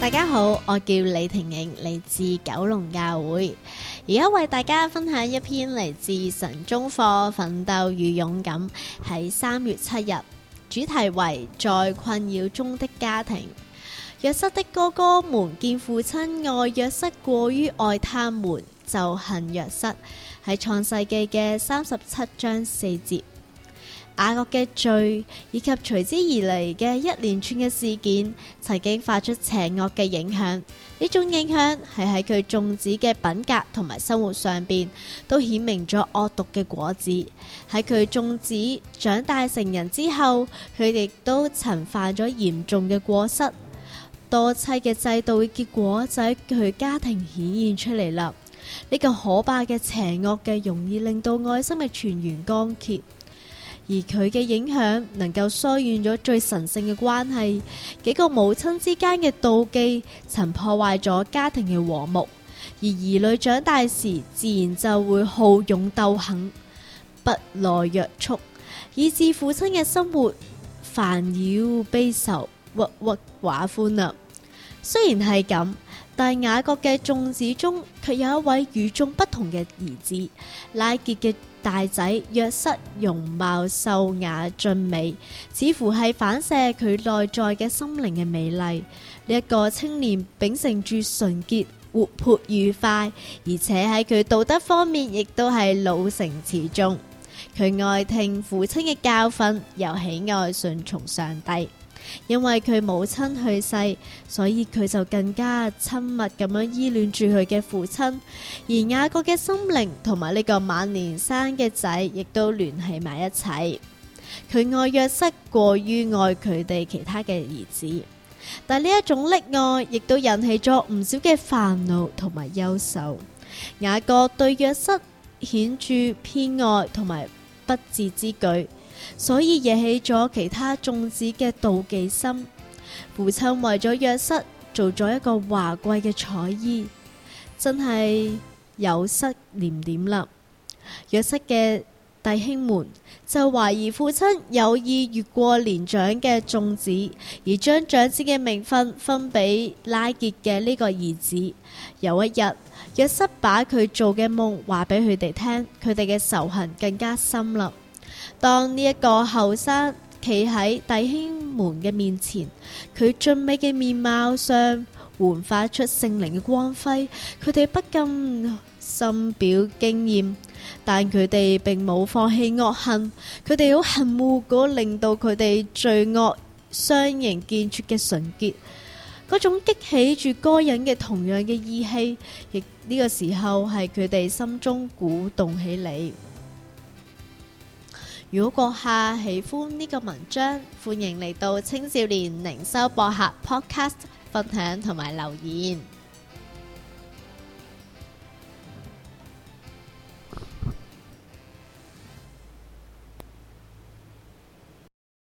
大家好，我叫李婷穎，嚟自九龍教會，而家為大家分享一篇嚟自神中課《奮鬥與勇敢》，喺三月七日，主題為在困擾中的家庭。約瑟的哥哥們見父親愛約瑟過於愛他們，就恨約瑟。喺創世記嘅三十七章四節。雅各嘅罪，以及隨之而嚟嘅一連串嘅事件，曾經發出邪惡嘅影響。呢種影響係喺佢眾子嘅品格同埋生活上邊都顯明咗惡毒嘅果子。喺佢眾子長大成人之後，佢哋都曾犯咗嚴重嘅過失。多妻嘅制度嘅結果就喺佢家庭顯現出嚟啦。呢、這個可怕嘅邪惡嘅，容易令到愛心嘅泉源乾竭。而佢嘅影響能夠疏遠咗最神聖嘅關係，幾個母親之間嘅妒忌，曾破壞咗家庭嘅和睦，而兒女長大時，自然就會好勇鬥狠，不耐約束，以致父親嘅生活煩擾、煩擾、悲愁、鬱鬱寡歡啦。雖然係咁，但雅各嘅眾子中卻有一位與眾不同嘅兒子，拉結嘅大仔約瑟，容貌秀雅俊美，似乎係反射佢內在嘅心靈嘅美麗。呢、這、一個青年秉承住純潔、活潑、愉快，而且喺佢道德方面亦都係老成持重。佢愛聽父親嘅教訓，又喜愛順從上帝。因為佢母親去世，所以佢就更加親密咁樣依戀住佢嘅父親，而雅各嘅心靈同埋呢個晚年生嘅仔，亦都聯繫埋一齊。佢愛約瑟過於愛佢哋其他嘅兒子，但呢一種溺愛，亦都引起咗唔少嘅煩惱同埋憂愁。雅各對約瑟顯著偏愛同埋不智之舉。所以惹起咗其他眾子嘅妒忌心。父親為咗約瑟做咗一個華貴嘅彩衣，真係有失廉點啦。約瑟嘅弟兄們就懷疑父親有意越過年長嘅眾子，而將長子嘅名分分俾拉結嘅呢個兒子。有一日，約瑟把佢做嘅夢話俾佢哋聽，佢哋嘅仇恨更加深啦。當呢一個後生企喺弟兄們嘅面前，佢俊美嘅面貌上煥發出聖靈嘅光輝，佢哋不禁深表驚艷。但佢哋並冇放棄惡恨，佢哋好恨惡嗰令到佢哋罪惡相形見絀嘅純潔，嗰種激起住該隱嘅同樣嘅意氣，亦呢個時候係佢哋心中鼓動起嚟。如果閣下喜歡呢個文章，歡迎嚟到青少年靈修博客 Podcast 分享同埋留言。